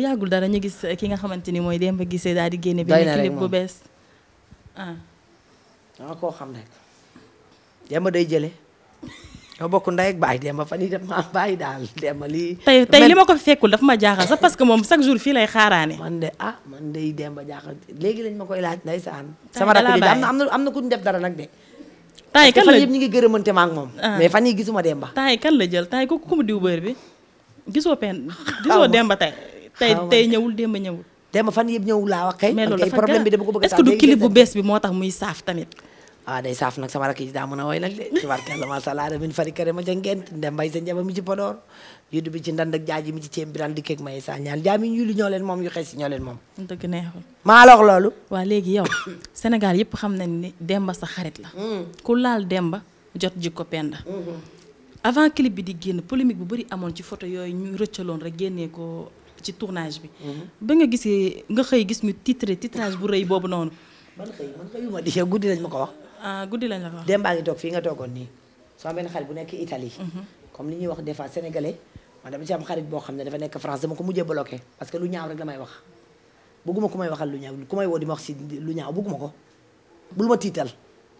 bu yàggul dara ñu gis ki nga xamante ni mooy Demba Guissé daal di génne. doy na clip bu bees ah. dama koo xam rek Demba day jële ñoo bokk ndey ak baay Demba fan yii daf maa bàyyi daal Demba lii. tey tey li ma ko fekkul daf ma jaaxal sax parce que moom chaque jour fii lay xaaraane. man de ah jaaxal léegi lañ ma koy laaj ndeysaan. sama rakk bi am na am na ku def dara nag de. taay kan la ñu ngi gërëmante ma ak moom. Ah. mais fan yii kan la jël taay ko ku diw bër bi gisoo pen gisoo Demba tey. tey tey ñëwul démb ñëwul démb fan yëpp ñëwul a wax kay mais loolu problème bi dama ko bëgg est-ce que du clip bu bees bi moo tax muy saaf tamit waaw ah, saaf nag sama rakk yi daa a sa njaba mi ci Podor yudu bi sa ñaan jaami yulu ñoo leen moom yu xes si ñoo leen moom dëgg neexul maa lox loolu waaw léegi yow Sénégal yëpp xam nañ ni Demba sa xarit la hmm. ku laal Demba jot jikko Penda hmm. avant clip bi di génn polémique bu bëri amoon ci photo yooyu ñu rëccaloon rek génnee ko ci tournage bi. Mhm. ba nga gisee nga xëy gis ñu titre titrage bu rëy boobu noonu. man xëy man di guddi lañ ma ko wax. ah guddi lañ la ko wax. Demba a ngi toog mhm. li ñuy wax des xam ne dafa nekk France dama ko mujjee bloqué parce que lu ñaaw rek la may wax bëgguma ku may waxal lu ñaaw ku may woo ma wax si lu ñaaw bëgguma ko bul ma tiital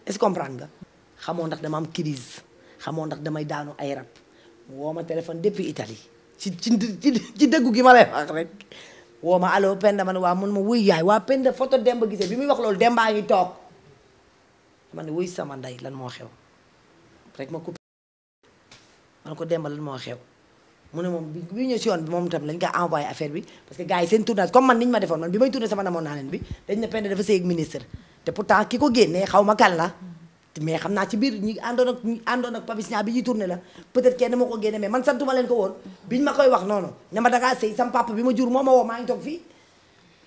est-ce que comprendre nga. xamoo ndax dama am crise xamoo ndax damay daanu ay rab woo téléphone depuis Italie ci ci ci dëggu gi ma lay wax rek woo ma aloo Penda ma ne waa mun ma wuy yaay waa Penda photo Demba Guissé bi muy wax loolu Demba ngi toog ma ne wuy sama ndey lan moo xew rek ma coupé man ko Demba lan moo xew mu ne moom bi bi ñëw si yoon bi moom itam lañ ko envoyé affaire bi parce que gars yi seen tournage comme man niñ ma defoon man bi may tourné sama namoon naa leen bi dañ ne Penda dafa sëy ak ministre te pourtant ki ko génnee xaw ma kan la mais xam naa ci biir ñi àndoon ak ñi àndoon ak Papis bi ñu tourné la peut-être kenn moo ko génne mais man santuma woon ma koy wax noonu ne ma dangaa sëy sam papa bi ma jur moo ma woo maa ngi toog fii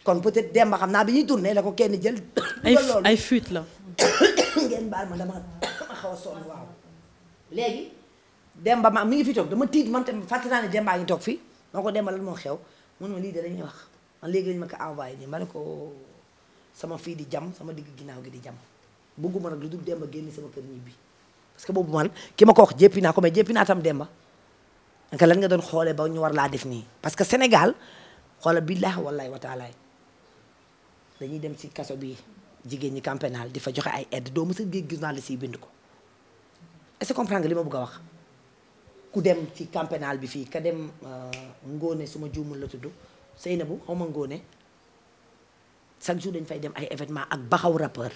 kon peut-être Demba xam naa bi ñuy tourné la ko kenn jël. ay ay fuite la. ngeen baal ma dama xaw a sonn waaw. léegi Demba ma mi ngi fi toog dama tiit man tam fàtte naa ne Demba ngi toog fii moo ko Demba lan moo xew mun ma lii de dañuy wax man léegi lañ ma ko envoyé nii ma ne ko sama fii di jam sama digg ginnaaw gi di jam. bëgguma nag lu dul Demba génn sama kër ñibbi parce que boobu man ki ma ko wax jéppi naa ko mais jéppi naa tam Demba nga lan nga doon xoolee ba ñu war laa def nii parce que Sénégal xoola billaahi wallaahi wa taalaay dañuy dem ci kaso bi jigéen ñi camp pénal di fa joxe ay aide doo mësa gis journaliste yi bind ko est-ce que comprendre nga li ma bëgg a wax ku dem ci camp bi fii ka dem euh, ngóone su ma juumul la tudd Seynabou xaw ma ngoone chaque jour dañ fay dem ay événement ak baxaw rappeur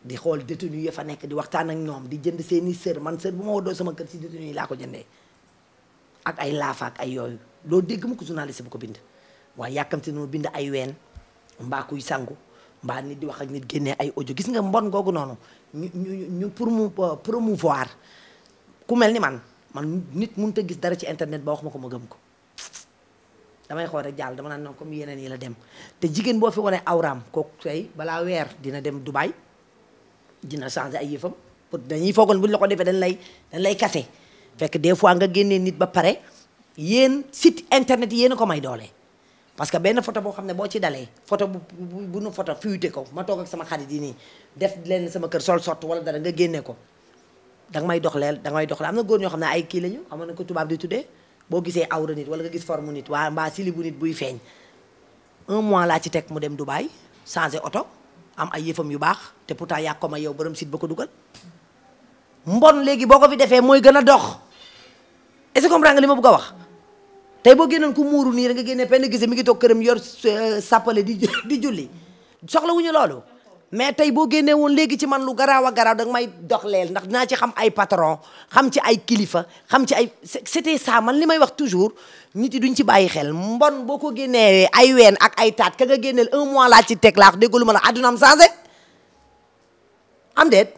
di xool détenu ya fa nekk di waxtaan ak ñoom di jënd seeni sër man sër bu ma doo sama kër si détenu yi laa ko jëndee ak ay laafa ak ay yooyu loolu dégg ma ko journaliste bu ko bind waaye yàkkamte noo bind ay ween mbaa kuy sangu mbaa nit di wax ak nit génnee ay ojo gis nga mbon googu noonu ñu ñu ñu pour mu promouvoir ku mel ni man man nit mun a gis dara ci internet ba wax ma ko ma gëm ko damay xool rek jàll dama naan non comme yeneen yi la dem te jigéen boo fi wane awraam kooku tey balaa weer dina dem Dubaay dina changé ay yëfam pour dañuy foogoon bu la ko defee dañ lay dañ fekk des fois nga génnee nit ba pare yéen site internet yéen a ko may doole. parce que benn photo boo xam ne boo ci dalee photo bu bu nu photo fuité ko ma toog ak sama xarit yi nii def leen sama kër sol sott wala dara nga génne ko danga may dox leel danga may dox leel am na góor ñoo xam ne ay kii lañu xam na ko tubaab di tuddee boo gisee awra nit wala nga gis forme nit waa mbaa sili bu nit buy feeñ un mois laa ci teg mu dem Dubaï changé oto. am ay yëfam yu baax te pourtant yaa ko ma yow borom site ba ko dugal mbon léegi boo ko fi defee mooy gën a dox est-ce que comprendre nga li ma bëgg wax tey boo génnoon ku muuru nii da nga génnee penn gise mi ngi toog këram yor euh, sàppale di di julli soxla wuñu loolu mais tey boo génnee woon léegi ci man lu garaaw a garaaw danga may dox leel ndax dinaa ci xam ay patron xam ci ay kilifa xam ci ay c'était ça man li may wax toujours nit yi duñ ci bàyyi xel mbon boo ko génnee ay ween ak ay taat ka nga génneel la mois laa ci teg laax déggalu ma la àdduna am changé am déet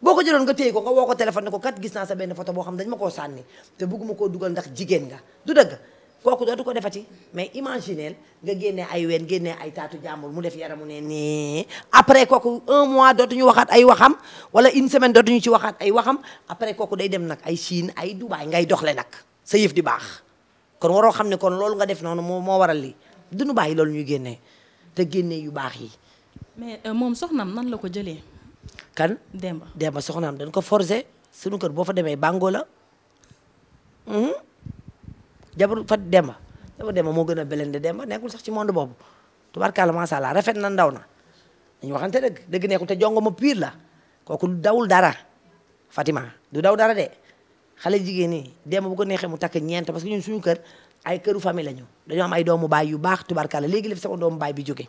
boo ko jëloon nga téye ko nga woo ko téléphone ko kat gis naa sa benn photo boo xam dañ ma koo sànni te bëgguma koo dugal ndax jigéen nga du dëgg kooku dootu ko defati mais imagineel nga génne ay ween génne ay taatu jàmbur mu def yaramu ne nii après kooku un mois dootuñu waxaat ay waxam wala une semaine dootuñu ci waxaat ay waxam après kooku day dem nag ay Chine ay Dubaay ngay doxle nag sa yëf di baax kon waroo xam ne kon loolu nga def noonu moo moo waral lii duñu bàyyi loolu ñuy génnee te génne yu baax yi. mais euh, moom soxnaam nan la ko jëlee. kan Demba Demba soxnaam dañ ko forcer sunu kër boo fa demee bàngoo la. Hmm? jabaru fat demba jabaru demba moo gën a belende demba nekkul sax ci monde boobu tubaarkàlla macha allah rafet na ndaw na dañu waxante dëgg dëgg nekkul te jongo ma piir la kooku dawul dara Fatima du daw dara de xale jigéen ñi demba bu ko neexee mu takk ñeent parce que suñu kër ay këru famille lañu dañoo am ay doomu baay yu baax tubaarkàlla léegi la fi sama doomu baay bi jóge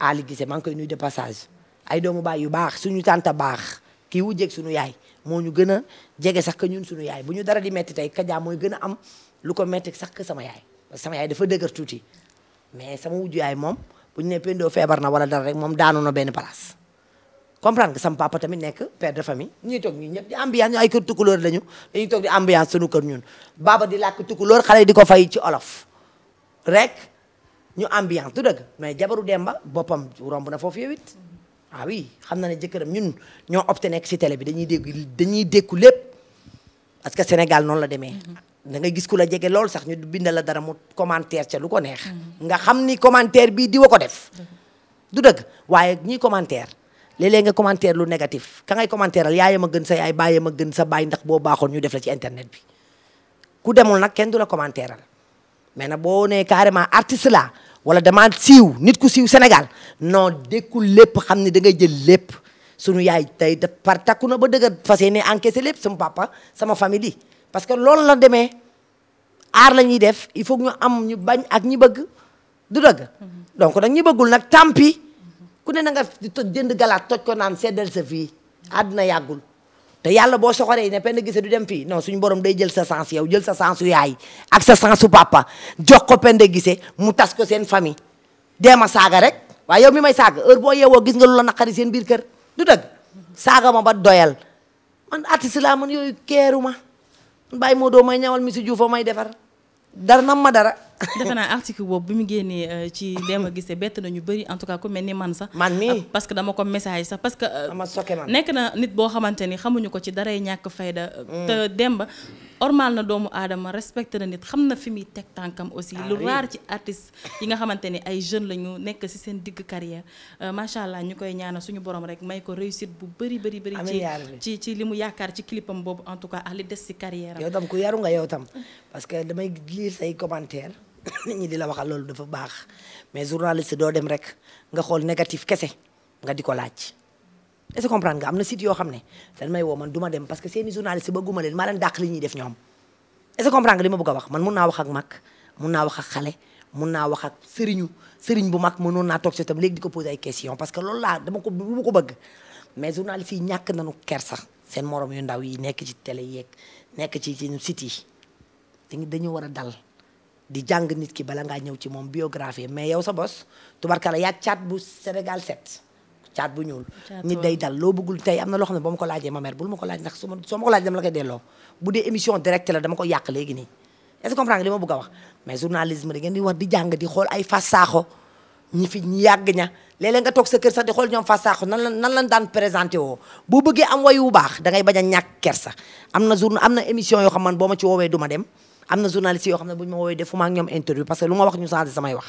Ali Gise maa ngi koy nuyu de passage ay doomu baay yu baax suñu tànta baax kii jeg suñu yaay moo ñu gën a jege sax que ñun suñu yaay bu ñu dara di metti tey Kaja mooy gën a am lu ko metti sax que sama yaay parce sama yaay dafa dëgër tuuti mais sama wujju yaay moom bu ñu ne Pendo feebar na wala dara rek moom daanu na benn place. comprendre nga sama papa tamit nekk père de famille ñuy toog ñun ñëpp di ambiance ñu ay kër tukulóor lañu dañuy toog di ambiance sunu kër ñun baba di làkk tukulóor xale di ko fay ci rek ñu ambiance mais jabaru Demba boppam romb na foofu yow it ah oui xam na ne jëkkëram ñun ñoo opté nekk si tele bi dañuy dégg dañuy dékku lépp parce que Sénégal noonu la demee da ngay gis ku la jege lool sax ñu bindal la dara mu commentaire ca lu ko neex. nga xam ni commentaire bii diwa ko def. du dëgg waaye ñiy commentaire léeg-léeg nga commentaire lu négatif ka ngay commentaire yaayam a gën sa yaay bàyyam a gën sa baay ndax boo baaxoon ñu def la ci internet bi ku demul nag kenn du la commentaire al mais nag boo nee carrément artiste la wala dama siiw nit ku siiw Sénégal non dékkul lépp xam ni da ngay jël lépp sunu yaay tey par takku na ba dëgg fas yéene encaissé lépp sama papa sama famille parce que loolu la demee aar la ñuy def il faut ñu am ñu bañ ak ñi bëgg du dëgg mm-hmm. donc nag ñi bëggul nag tant ku ne na nga toj jënd galaat toj ko naan seddal sa fii àdduna yàggul te yàlla boo soxoree ne Penda Guissé du dem fii non suñu borom day jël sa sens yow jël sa sens su yaay ak sa sens su papa jox ko Penda gise mu tas ko seen famille deema saaga rek waaye yow mi may saaga heure boo yeewoo gis nga lu la naqari seen biir du dëgg saaga ma ba doyal man artiste laa man yooyu keeru ma bàyyi moo doo may ñawal Miss Diouf may defar dar nam ma dara. defe naa article boobu bi mu génnee euh, ci dem a gisee bett nañu bëri en tout cas ku mel ni man sax. man mii ah, parce que dama ko message sax parce que. Euh, dama sokke nekk na nit boo xamante ni xamuñu ko ci daray ñàkk fayda. Mm. Demba ormal na doomu aadama respecté na nit xam na fi muy teg tànkam aussi ah lu raar ci artiste yi nga xamante ni ay jeunes la ñu nekk si seen digg carrière euh, macha allah ñu koy ñaanal suñu borom rek may ko réussite bu bëri bëri bëri ci ci ci li mu yaakaar ci clipam boobu en tout cas ak li des si carrière am yow tam ku yaru nga yow tam parce que damay lire say commentaire nit ñi di la waxal loolu dafa baax mais journaliste doo dem rek nga xool négatif kese nga di ko laaj est-ce que comprendre am na site yoo xam ne dañ may woo man du ma dem parce que seeni journaliste bëgguma leen maa leen dàq li ñuy def ñoom est-ce que comprendre nga ma bëgg a wax man mun naa wax ak mag mun naa wax ak xale mun naa wax ak sëriñu sëriñ bu mag mënoon naa toog si tam léegi di ko poser question parce que loolu laa dama ko bu ma ko bëgg mais journaliste yi ñàkk nañu kersa seen morom yu ndaw yi nekk ci télé yeeg nekk ci ci site yi te dañu war a dal di jàng nit ki bala ngaa ñëw ci moom biographie mais yow sa bos tubarkala yaa caat bu Sénégal set caat bu ñuul nit day dal loo bëggul tey am na loo xam ne ba ma ko laajee ma mère bul ma ko laaj ndax su ko laaj dama la koy delloo bu dee émission directe la dama ko yàq léegi nii est-ce que ma bëgg a wax mais journalisme da ngeen ay fas sa kër sax di nan la nan présenté woo boo am wayu bu baax da ngay bañ a am na jour am man boo ma ci woowee du dem am na journaliste yoo xam ne bu ñu ma woowee defuma ak ñoom interview parce que lu ñu changé wax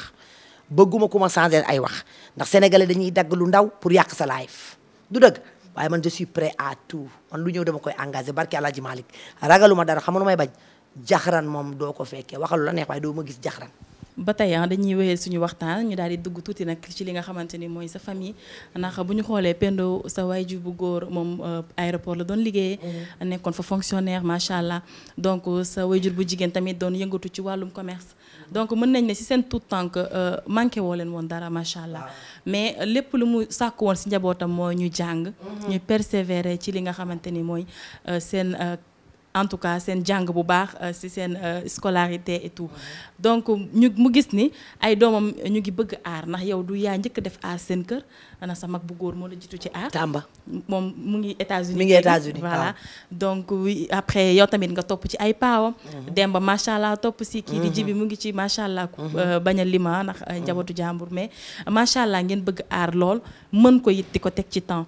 bëgguma ku ma changer ay wax ndax sénégalais dañuy dagg lu ndaw pour yàq sa life du dëgg waaye man je suis prêt à tout man lu ñëw dama koy engagé barke Alaaji Malick ragaluma dara xam nga may bañ jaxaran moom doo ko fekkee waxal la neex waaye doo ma gis jaxaran ba tey ah, dañuy wéyal suñu waxtaan ñu daal di dugg tuuti nag ci li nga xamante ni mooy sa famille ndax bu ñu xoolee Pendo sa waajur bu góor moom euh, aéroport la doon liggéeyee. Mm-hmm. nekkoon fa fonctionnaire macha allah donc sa waajur bu jigéen tamit doon yëngatu ci wàllum commerce. donc mën nañ ne si seen tout temps que euh, manqué woo leen woon dara macha allah mais euh, lépp lu mu sàkk woon si njabootam mooy ñu jàng mhm. ñu persévérer ci li nga xamante ni mooy euh, seen en tout cas seen jàng bu baax euh, si seen euh, scolarité et tout donc ñu mu gis ni ay doomam ñu ngi bëgg aar ndax yow du yaa njëkk def aar seen kër ana sa mag bu góor moo la jiitu ci aar. Tamba moom mu ngi États-Unis mi ngi États-Unis voilà après yow tamit nga topp ci ay paawam. Mhm. Demba macha allah topp si. kii di jibi mhm. mu ngi ci macha allah. Mhm. Euh, bañ a lima ndax njabootu jàmbur mais macha allah ngeen bëgg aar lool mën ko it di ko teg ci temps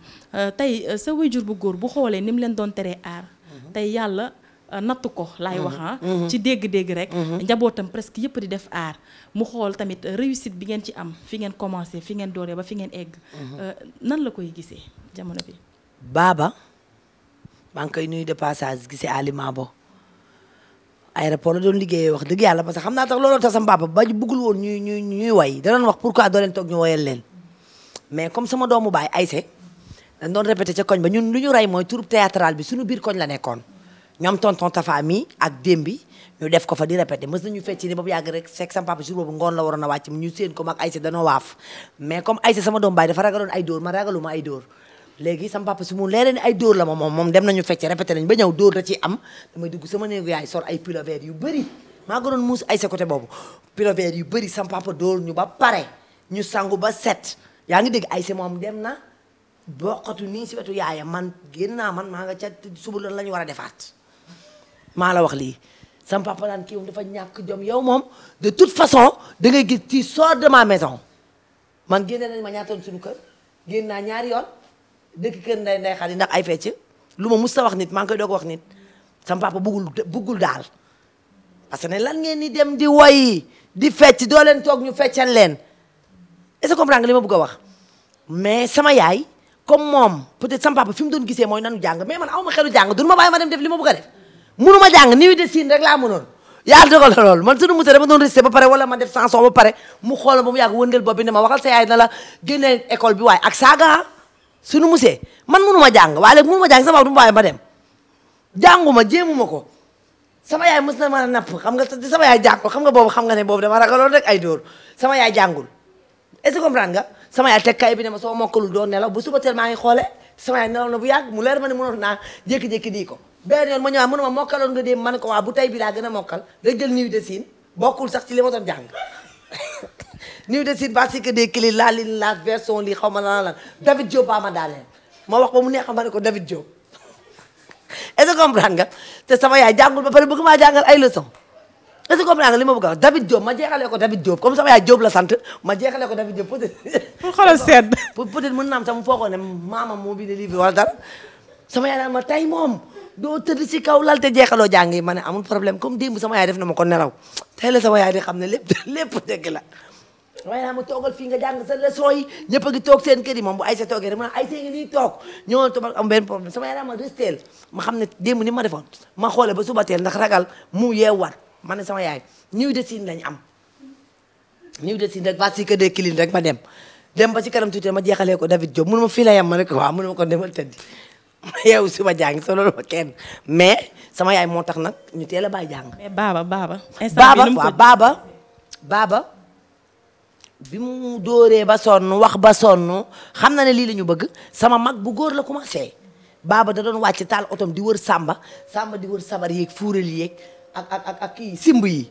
tey sa waajur bu góor bu xoolee ni leen doon teree aar. tey yàlla. natt ko laay wax mhm. ah mhm. ci dégg-dégg rek mhm. njabootam presque yëpp di def aar mu xool tamit réussite bi ngeen ci am fi ngeen commencé fi ngeen dooree ba fi ngeen egg euh, nan la koy gisee jamono bi baaba maa ngi koy nuyu de passage gisee aliment bo aéroport la doon liggéeyee wax dëgg yàlla parce que xam naa tax looloo tax sama ba bëggul woon ñuy ñuy ñuy way da doon wax pourquoi doo leen toog ñu woyal leen mais comme sama doomu baay Aïssé dañ doon répété ca koñ ba ñun lu ñu rey mooy troupe bi suñu biir koñ la nekkoon ñoom tonton Tafa mi ak Dembi ñu def ko fa di répété mës na fecci ni boobu yàgg rek seeg sama papa jour boobu ngoon la waroon a wàcc ñu séen ko ak Aïssa danoo waaf mais comme Aïssa sama doom baay ay dóor ma ragaluma ay dóor léegi ay dóor la ma moom moom dem nañu fecc répété nañ ba ñëw am damay dugg sama néegu yaay sor ay pilovère yu bëri maa gënoon muus Aïssa côté boobu pilovère yu bëri sama papa dóor ñu ba pare ñu sangu ba set yaa ngi dégg Aïssa moom dem na bokkatu nii si wetu yaayam man génn naa man maa nga ca suba la ñu war defaat maa la wax lii sama papa naan kii dafa ñàkk jom yow moom de tout façon da ngay gis ci sort de ma maison man génne nañ ma ñaatoon suñu kër génn naa ñaari yoon dëkk kër nday nday xale ndax ay fecc lu ma mus ta wax nit maa ngi koy doog wax nit sama papa buggul buggul daal parce que ne lan ngeen ni dem di woy di fecc doo leen toog ñu feccal leen est-ce que comprends nga li ma bëgg a wax mais sama yaay comme moom peut-être sama papa fi doon gisee mooy nanu jàng mais man aw ma xelu jàng dunu ma bàyyi mënuma jàng nii de siin rek laa mënoon yàlla dogal na loolu man sunu monsieur dama doon récité ba wala ma def chanson ba pare mu xool ba mu yàgg wëndeel bopp bi ne ma waxal sa yaay na bi waaye ak saaga sunu monsieur man mënuma jàng waaye léegi mënuma jàng sama du ma bàyyi ma dem jànguma jéemuma ko sama yaay mës na ma napp xam nga sama yaay jàngul xam nga boobu xam nga ne boobu dama ragaloon rek ay dóor sama jàngul est sama yaay bi ne ma soo mokkalul doon nelaw bu suba teel maa ngi xoole sama yaay nelaw na bu yàgg mu leer ma ne mënoon naa jékki-jékki dii ko benn yoon ma ñëwaat mu ne ma mokkaloon nga dem man ko waa bu tey bi laa gën a mokkal rek jël nii de siin bokkul sax ci li ma doon jàng niw de siin parce que des clés laa lin laas version lii xaw ma lan lan David Diop baa ma daaneel ma wax ba mu neex ma ko David Diop est ce nga te sama yaay jàngul ba pare bëgg maa jàngal ay leçon est ce que nga li ma bëgg a wax David Diop ma jeexalee ko David Diop comme sama yaay Diop la sant ma jeexalee ko David Diop peut être. pour mën naa am sax mu foogoon ne maamam moo bind livre wala sama yaay ma tey moom. doo tëdd ci kaw lal te jeexaloo jàng yi ma ne amul problème comme démb sama yaay def na ma ko nelaw tey la sama yaay di xam ne lépp lépp dëgg la waaye naa ma toogal fii nga jàng sa leçon yi toog seen kër yi moom ay sa toogee rek ma toog ñoo toog am benn problème sama yaay daa ma resteel xam ne démb ni ma defoon ma xoole ba suba teel ndax ragal mu yeewaat ma ne sama yaay niw de siin am niw de siin rek va si que des rek ma dem dem ba ci kanam jeexalee ko David Diop mënu ma fii la yem ma ne ko waaw mënu ma yow suba jàng sonal ma kenn mais sama yaay moo tax nag ñu teel a bàyyi jàng. baaba baaba. instant bi baaba waaw baaba. baaba bi mu dóoree ba sonn wax ba sonn xam na ne lii la ñu bëgg sama mag bu góor la commencé. baaba da doon wàcc taal otoom di wër sàmba sàmba di wër sabar yeeg fuural yeeg ak ak ak simb yi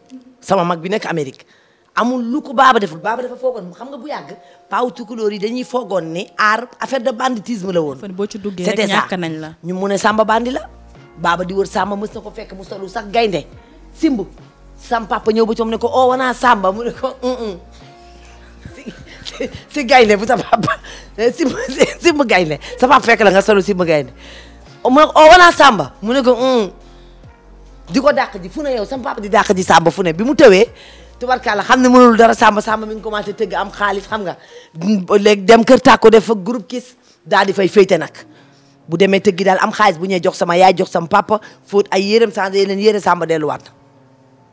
sama mag bi nekk Amérique. amul lu ko baaba deful baaba dafa foogoon xam nga bu yàgg paaw tukulóor yi dañuy foogoon ni aar affaire de banditisme la woon. boo ci duggee rek ñàkk la ñu mu ne Samba bandi la. baaba di wër Samba mës na ko fekk mu solu sax gaynde simb sam papa ñëw ba ci ne ko oh, Samba mu ne ko gaynde bu sa papa gaynde sa papa fekk la nga solu simb gaynde oh, mu oh, mu ne ko mm. di ko dàq ji fu ne yow sam papa di dàq ji Samba fu ne bi mu tëwee. tubarkalla xam ne mënul dara sàmba sàmba mi ngi commencé tëgg am xaalis xam nga léegi dem kër tàkko def fa groupe kis daal di fay féyte nag bu demee tëggi daal am xaalis bu ñuy jox sama yaay jox sama papa fóot ay yérem sàmba yeneen yére sàmba delluwaat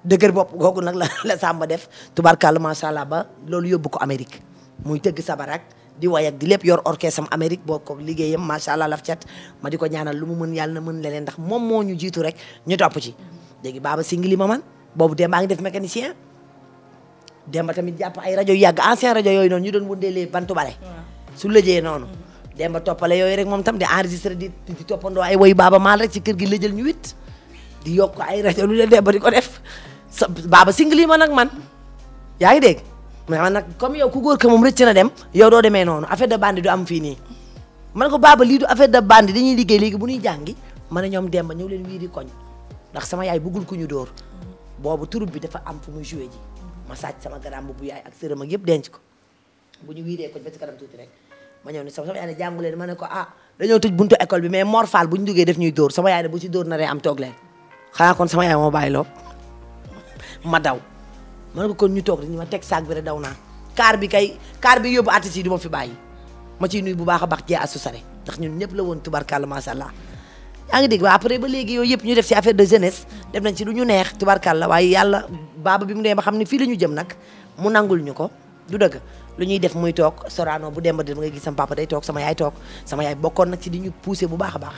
dëgër bopp googu nag la la sàmba def tubarkalla macha allah ba loolu yóbbu ko Amérique muy tëgg sabar di way ak lépp yor orchestre am Amérique boo ko liggéeyam macha allah laf ma di ko ñaanal lu mu mën yàlla na mën leneen ndax moom moo ñu jiitu rek ñu topp ci léegi baaba singili ma man boobu dem baa ngi def mécanicien demba tamit jàpp ay rajo yu yàgg ancien rajo yooyu noonu ñu doon wëndeelee bantu bale su lëjee noonu demba toppale yooyu rek moom tam di enregistré di di toppandoo ay woyu baaba maal rek ci kër gi lëjël ñu wit di yokk ay rajo lu leen demba di ko def sa baaba single yi ma nag man yaa ngi dégg mais man nag comme yow ku góor ke moom rëcc na dem yow doo demee noonu affaire de bandi du fii nii man ko baaba lii du affaire de bandi dañuy liggéey léegi bu ñuy jàngi ma ne ñoom demba ñëw leen wii di koñ ndax sama yaay bëggul ku ñu dóor mm. boobu turub bi dafa am fu muy joué ji ma sama garam bu yaay ak sërëm ak yëpp denc ko bu ñu wiiree ko ba ci kanam ma ñëw ne sama yaay ne jàngu leen ma ne ko ah dañoo tëj buntu bi mais Mor bu ñu duggee def ñuy dóor sama yaay ne bu ci dóor na am toog leen xanaa kon sama yaay moo bàyyi ko kon toog dañu ma teg saag bi rek daw naa kaar bi kay kaar bi yóbbu artiste yi du ma fi bàyyi ma ciy nuy bu baax a baax jee asu sare ndax ñun ñëpp la woon tubarkalla macha allah yaa ngi dégg ba après ba léegi yooyu yëpp ñu def ci affaire de jeunesse def nañ ci lu ñu neex tubarkalla waaye yàlla baaba bi mu dee ba xam ne fii la ñu jëm nag mu nangul ñu ko du dëgg lu ñuy def muy toog Sorano bu demba dem nga gis sama papa day toog sama yaay toog sama yaay bokkoon nag ci di ñu poussé bu baax a baax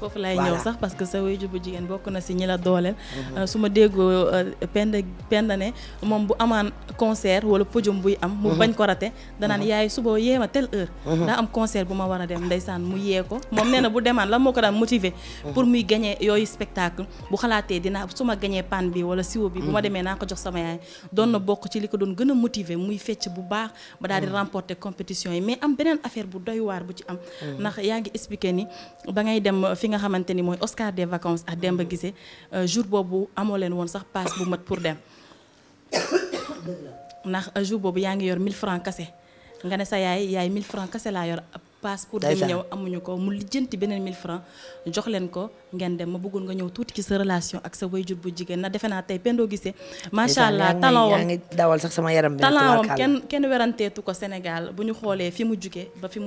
foofu lay ñëw sax parce sa waajur bu jigéen bokk na si ñi la dooleel. Mhm. Euh, su ma déggoo penda euh, penda ne moom bu amaan concert wala podium buy am. mu mhm. bañ ko rate danaan mhm. yaay suba yee ma telle heure. daa am concert bu ma war a dem ndeysaan mu yee ko moom nee bu demaan la moo ko daan motiver. pour muy gagné yooyu spectacle bu xalaatee dinaa su ma gañee pan bi wala siwo bi. bu ma demee naa ko jox sama yaay doon na bokk ci li ko doon gën a motiver muy fecc bu baax ba daal di remporter compétition yi mais am beneen affaire bu doy waar bu ci am. ndax yaa ngi ni fi nga xamante ni mooy Oscar des vacances ak Demba Guissé euh, jour boobu amoo leen woon sax paas bu mat pour dem ndax euh, jour boobu yaa ngi yor 1000 francs kase nga ne sa yaay yaay 1000 francs kase laa yor paas pour dem ñëw amuñu ko mu lijjanti beneen mille francs jox leen ko ngeen dem ma bëggoon nga ñëw tuuti ci sa relation ak sa wayjur bu jigéen na defe naa tey Pendo Guissé macha allah talent wam dawal sax sama yaram talent wam kenn weranteetu ko Sénégal bu ñu xoolee fi mu jugee ba fi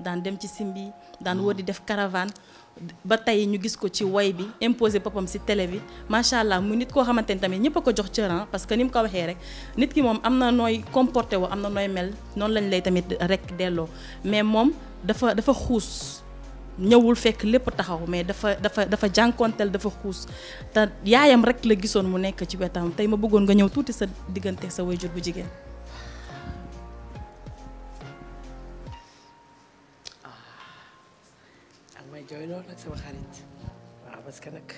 daan dem ci simbi daan mm. woo di def caravane ba tey ñu gis ko ci woy bi imposé boppam si télé bi macha allah mu nit koo xamante ni tamit ñëpp a ko jox cëran ah. parce que ni mu ko waxee rek nit ki moom am na nooy comporté woo am na nooy mel noonu lañ lay tamit rek delloo mais moom dafa dafa xuus ñëwul fekk lépp taxaw mais dafa dafa dafa jànkonteel dafa xuus te yaayam rek la gisoon mu nekk ci wetam tey ma bëggoon nga ñëw tuuti sa diggante sa wayjur bu jigéen jooy loolu nag sama xarit waaw parce que nag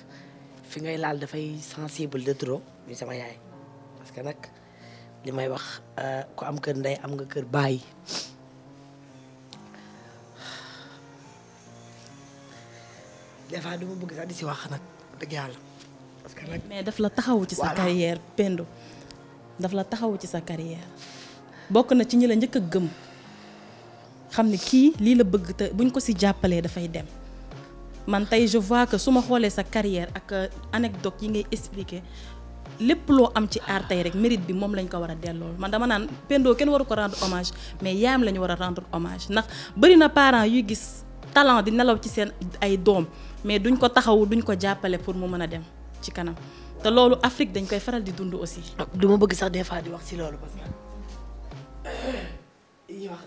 fi ngay laal dafay sensible de trop muy sama yaay parce que nag li may wax euh, ku am kër ndey am nga kër baay des fois duma bëgg sax di si wax nag dëgg yàlla mais daf la taxawu ci sa carrière Pendo daf la taxawu ci sa carrière bokk na ci ñi la njëkk a gëm xam ne kii lii la bëgg te buñ ko si jàppalee dafay dem. man tey je vois que su ma xoolee sa carrière ak euh, anecdote yi ngay expliquer lépp loo am ci arte tey rek mérite bi moom lañ ko war a delloo man dama naan Pendo kenn waru ko rendre hommage mais yaayam la ñu war a rendre hommage ndax bëri na parents yuy gis talent di nelaw ci seen ay doom mais duñ ko taxawu duñ ko jàppale pour mu mën a dem ci kanam te loolu Afrique dañ koy faral di dund aussi. Ah, du ma bëgg sax des fois di wax ci loolu parce que wax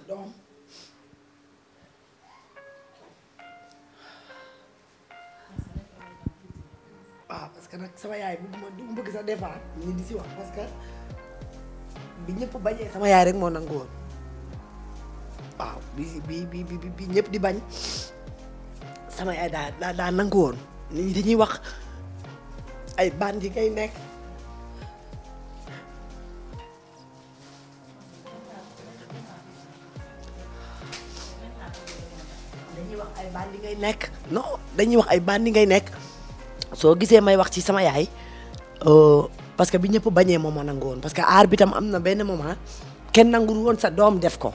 sama yaay bu ma du bëgg sax des fois ñu di si wax parce que bi ñëpp bañee sama yaay rek moo nangu woon waaw bi bi bi bi bi ñëpp di bañ sama yaay daa daa nangu woon nit ñi dañuy wax ay baan yi ngay nekk. dañuy wax ay bandi ngay nekk non dañuy wax ay bandi ngay nekk soo gisee may wax ci sama yaay euh, parce que bi ñëpp bañee moom ma nangu woon parce que aar bi am na benn moment kenn nangul woon sa doom def ko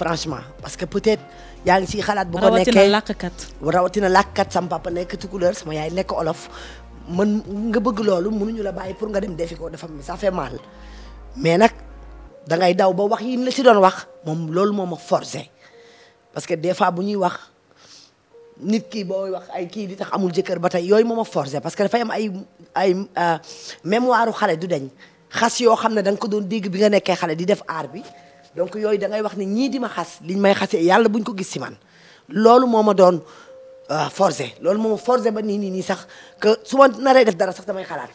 franchement parce que peut-être yaa ngi ciy xalaat. bu ko nekkee rawatina làkkat. rawatina làkkat sama papa nekk tukulóor sama yaay nekk olof man nga bëgg loolu mënuñu la bàyyi pour nga dem defi ko dafa ça fait mal mais nag da ngay daw ba wax yi la ci doon wax moom loolu moom ma forcé parce que des fois bu ñuy wax. nit kii booy wax ay kii li tax amul jëkkër ba tey yooyu moo ma forcé parce que dafay am ay ay waaru euh, xale du deñ xas yoo xam ne da nga ko doon dégg bi nga nekkee xale di def aar bi donc yooyu dangay wax ne ñii di ma xas liñ may xasee yàlla bu ñu ko gis si man loolu moo ma doon euh, forcé loolu moo ma forcé ba nii nii nii sax que su ma naree def dara sax damay xalaat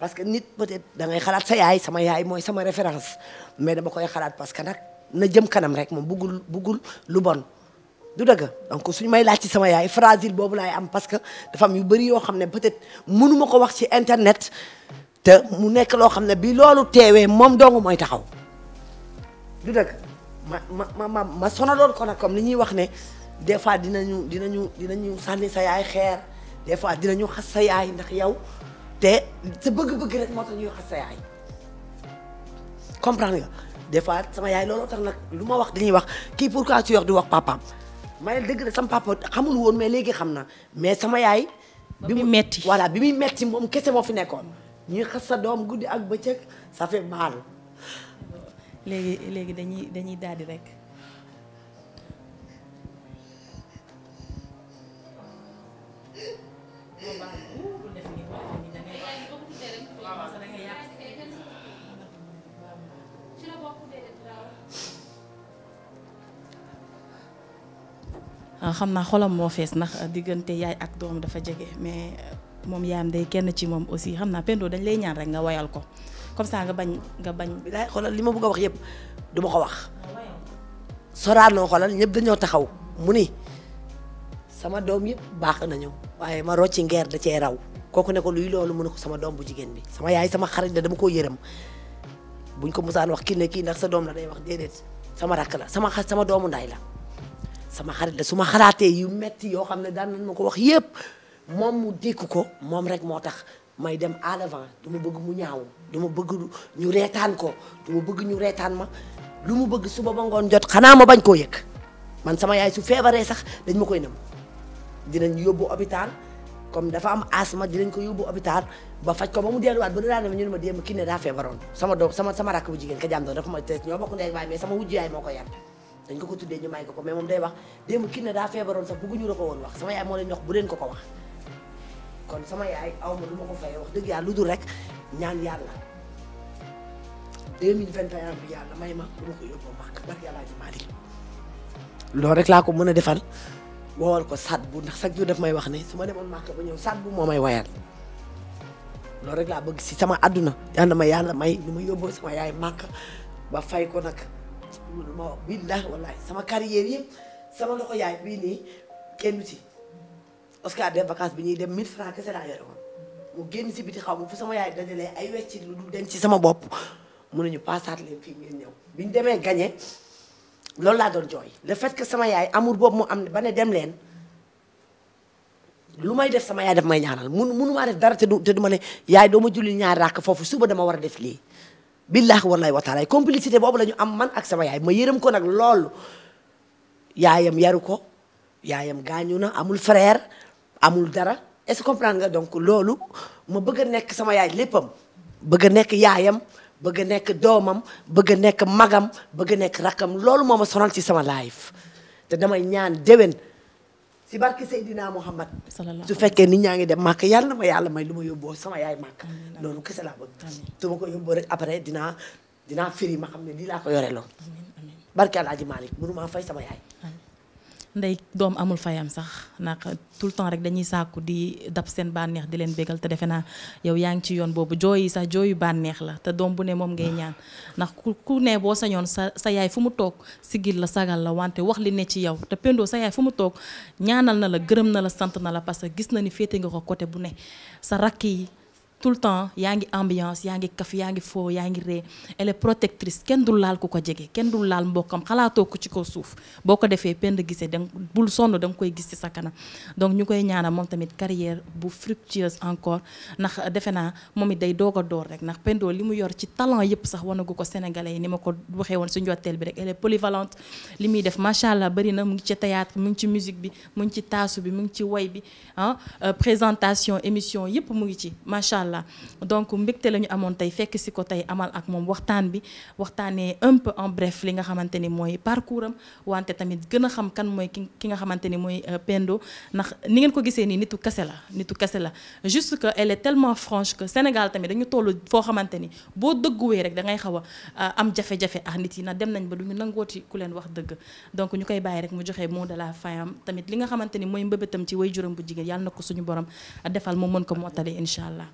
parce que nit peut-être da ngay xalaat sa yaay sama yaay mooy sama référence mais dama koy xalaat parce que nag na jëm kanam rek moom buggul buggul lu bon du dëgg donc suñu may laaj ci sama yaay fragile boobu laay am parce que dafa am yu bëri yoo xam ne peut-être mënu ma ko wax ci internet te mu nekk loo xam ne bi loolu teewee moom dong mooy taxaw du dëgg ma ma ma ma sonaloon ko nag comme li ñuy wax ne des fois ñu dinañu dinañu sànni sa yaay xeer des fois dinañu xas sa yaay ndax yow te sa bëgg-bëgg rek moo tax ñuy xas sa yaay comprendre nga des fois sama yaay looloo tax nag lu ma wax dañuy wax kii pourquoi tu wax di wax papaam may dëgg la sama papa xamul woon mais léegi xam na mais sama yaay. bi mu metti voilà bi muy metti moom kese moo fi nekkoon. ñuy xas sa doom guddi ak bëccëg ça fait mal. léegi léegi dañuy dañuy daal di rek. Euh, xam naa xolam moo fees ndax euh, diggante yaay ak doom dafa jege mais euh, moom yaayam day kenn ci moom aussi xam naa pendoo dañ lay ñaan rek nga woyal ko comme saa nga bañ nga bañ. bilaay xoolal li ma bëgg wax yëpp du ko wax. Sorano xoolal ñëpp dañoo taxaw mu ni sama doom yëpp baax nañu waaye ma rocci ngeer da cee raw kooku ne luy loolu mun ne ko sama doom bu jigéen bi sama yaay sama xarit la dama ko yërëm buñ ko musaan wax kii ne kii ndax sa doom la day wax déedéet sama rakk la sama sama doomu nday la. sama xarit la su ma xalaatee yu metti yoo xam ne daan nañ ma ko wax yépp moom mu dékku ko moom rek moo tax may dem à l'avant du ma bëgg mu ñaaw du ma bëgg ñu reetaan ko du ma bëgg ñu reetaan ma lu mu bëgg suba ba ngoon jot xanaa ma bañ koo yëg man sama yaay su feebaree sax dañ ma koy nëmm dinañ yóbbu hôpital comme dafa am asma dinañ ko yóbbu hôpital ba faj ko ba mu delluwaat ba dinaa ne ñu ne ma démb kii ne daa feebaroon sama doom sama rakk bu jigéen ka jàmm doon moo ko dañ ko ko tuddee ñu may ko ko mais moom day wax démb kii na daa feebaroon sax bëgguñu la ko woon wax sama yaay moo leen wax bu leen ko ko wax kon sama yaay awma lu ma ko fayee dëgg yàlla dul rek ñaan yàlla 2021 bi yàlla may ma lu ma rek laa ko mën a defal woowal ko sat bu ndax chaque jour daf may wax ne su ma demoon màkk ba ñëw sat moo may wayal loolu rek laa bëgg si sama àdduna na ma yàlla may lu ma yóbboo sama yaay màkk ba fay ko nag lu ma wax billaahi sama carrière yëpp sama loxo yaay bii nii kenn ci Oscar de vacances bi ñuy dem 1000 francs kese laa yore woon mu génn ci biti xaw ma fu sama yaay dajalee ay weccit lu dul dem ci sama bopp mun nañu paasaat leen ñëw bi ñu demee gagné loolu laa doon jooy le fait que sama yaay amour boobu mu am ne ba dem leen lu may def sama yaay daf may ñaanal mun munumaa def dara te du te ma ne yaay doo ma julli ñaar ràkk foofu suba dama war a def lii billaahi wallaahi wa taala complicité boobu la ñu am man ak sama yaay ma yërëm ko nag loolu yaayam yaru ko yaayam gaañu na amul frère amul dara est-ce que comprendre donc loolu ma bëgg nekk sama yaay léppam bëgg a nekk yaayam bëgg nekk doomam bëgg nekk magam bëgg a nekk rakkam loolu moo ma sonal ci sama life te damay ñaan déwén si barke Seydina Muhammad su fekkee nit ñaa ngi dem màkk yàlla na ma yàlla may lu ma yóbboo sama yaay màkk loolu kese laa bëgg su ma ko yóbboo rek après dinaa dinaa firi ma xam ne lii laa ko yore loon barke Alaaji Malick mënu maa fay sama yaay ndey doom amul fayam sax ndax tout temps rek dañuy sàkku di dab seen bànneex di leen bégal te defe naa yow yaa ngi ci yoon boobu jooyi yi sax jooyu bànneex la te doom bu ne moom ngay ñaan ndax ku ku ne sañoon sa sa yaay fu mu toog sigil la sagal la wante wax li ne ci yow te Pendo sa yaay fu mu toog ñaanal na la gërëm na la sant na la parce que gis na ni féete nga ko côté bu ne sa rakk yi tout le temps yaa ngi ambiance yaa ngi kaf yaa ngi foo yaa ngi ree elle protectrice kenn dul laal ku ko jege kenn dul laal mbokkam xalaatoo ko ci ko suuf boo ko defee Penda Guissé danga bul sonn da koy gis ci sa kanam donc ñu koy ñaanal moom tamit carrière bu fructueuse encore ndax defe naa moom it day doog a door rek ndax pendoo li mu yor ci talent yëpp sax wanagu ko sénégalais yi ni ma ko waxee woon su njoteel bi rek elle est polyvalente li muy def macha allah bëri na mu ngi ci théâtre mu ngi ci musique bi mu ngi ci taasu bi mu ngi ci woy bi ah euh, présentation émission yëpp allah donc mbégte la ñu amoon tey fekk si ko tey amal ak moom waxtaan bi waxtaanee un peu en bref li nga xamante ni mooy parcours am wante tamit gën a xam kan mooy ki ki nga xamante ni mooy euh, Pendo ndax ni ngeen ko gisee nii nitu kase la nitu kase la juste que elle est tellement franche que Sénégal tamit dañu toll foo xamante ni boo dëgguwee rek da ngay xaw a euh, am jafe-jafe ah nit yi nag dem nañ ba du ñu nangooti ku leen wax dëgg donc ñu koy bàyyi rek mu joxe mot de la fin am tamit li nga xamante ni mooy mbébétam ci way juróom bu jigéen yàlla na ko suñu borom defal mu mën ko mottali incha allah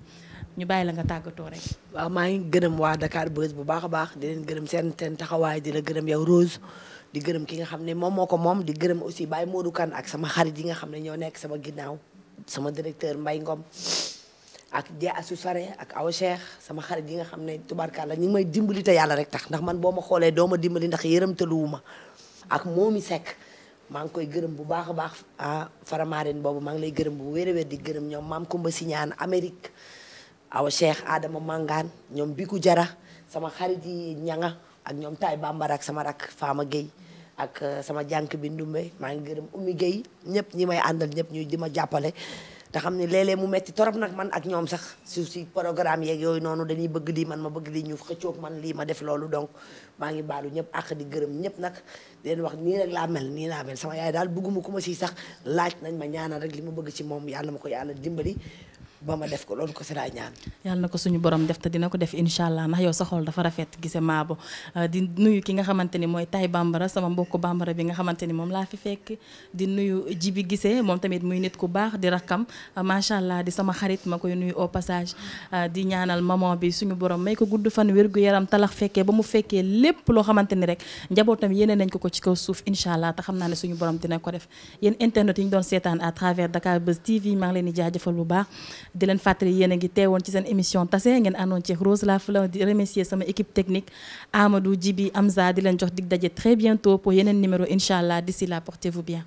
ñu bàyyi la nga tàggatoo rek. waa maa ngi gërëm waa Dakar Buzz bu baax a baax di leen gërëm seen seen taxawaay di la gërëm yaw Rose. di gërëm ki nga xam ne moom moo ko moom di gërëm aussi Baye Modou Kane ak sama xarit yi nga xam ne ñoo nekk sama ginnaaw sama directeur Mbaye Ngom. ak Dia Assou Sare ak Awa Cheikh sama xarit yi nga xam ne tubaarkàlla ñu ngi may dimbali te yàlla rek tax ndax man boo ma xoolee doo dimbali ndax yërëmtaluwu ma ak moomi sekk maa ngi koy gërëm bu baax a baax ah faramaareen boobu maa lay gërëm bu wér a di gërëm ñoom maam Kumba ñaan Amérique aw Cheikh Adama màngaan ñoom Biku Jara sama xarit yi ñanga ak ñoom Taay Bambara ak sama rak Fama géey ak euh, sama jànk bi Ndumbe maa ngi gërëm Oumy géey ñëpp ñi may àndal ñëpp ñuy di ma jàppale te xam ne léeg mu metti torop nag man ak ñoom sax su si programme yeeg yooyu noonu dañuy bëgg lii man ma bëgg lii ñu xëccoog man lii ma def loolu donc maa ngi baalu ñëpp ak di gërëm ñëpp nag leen wax nii rek laa mel nii laa mel sama yaay daal bëgguma ku ma si sax laaj nañ ma ñaanal rek li ma bëgg ci moom yàlla ma ko yàlla dimbali ba ma def ko loolu ko si laa ñaan. yàlla na ko suñu borom def te dina ko def incha allah ndax yow sa dafa rafet gise maabo ah, di nuyu ki nga xamante ni mooy tay bambara sama mbokku bambara bi nga xamante ni moom laa fi fekk di nuyu jibi gisee moom tamit muy nit ku baax di rakkam ah, macha allah di sama xarit ma koy nuyu au passage ah, di ñaanal maman bi suñu borom may ko gudd fan wér gu yaram talax fekkee ba mu fekkee loo xamante ni rek njabootam yéene nañ ko ko ci kaw suuf incha allah te xam naa ne suñu borom dina ko def yéen internet yi ñu doon seetaan à travers Dakar Buzz TV maa ngi leen di jaajëfal bu baax di leen fàttali yéen a ngi teewoon ci seen émission tase ngeen àndoon ci Rose la Fleur di remercier sama équipe technique Amadou Djibi Amza di leen jox dig daje très bientôt pour yeneen numéro incha allah d'ici là portez-vous bien.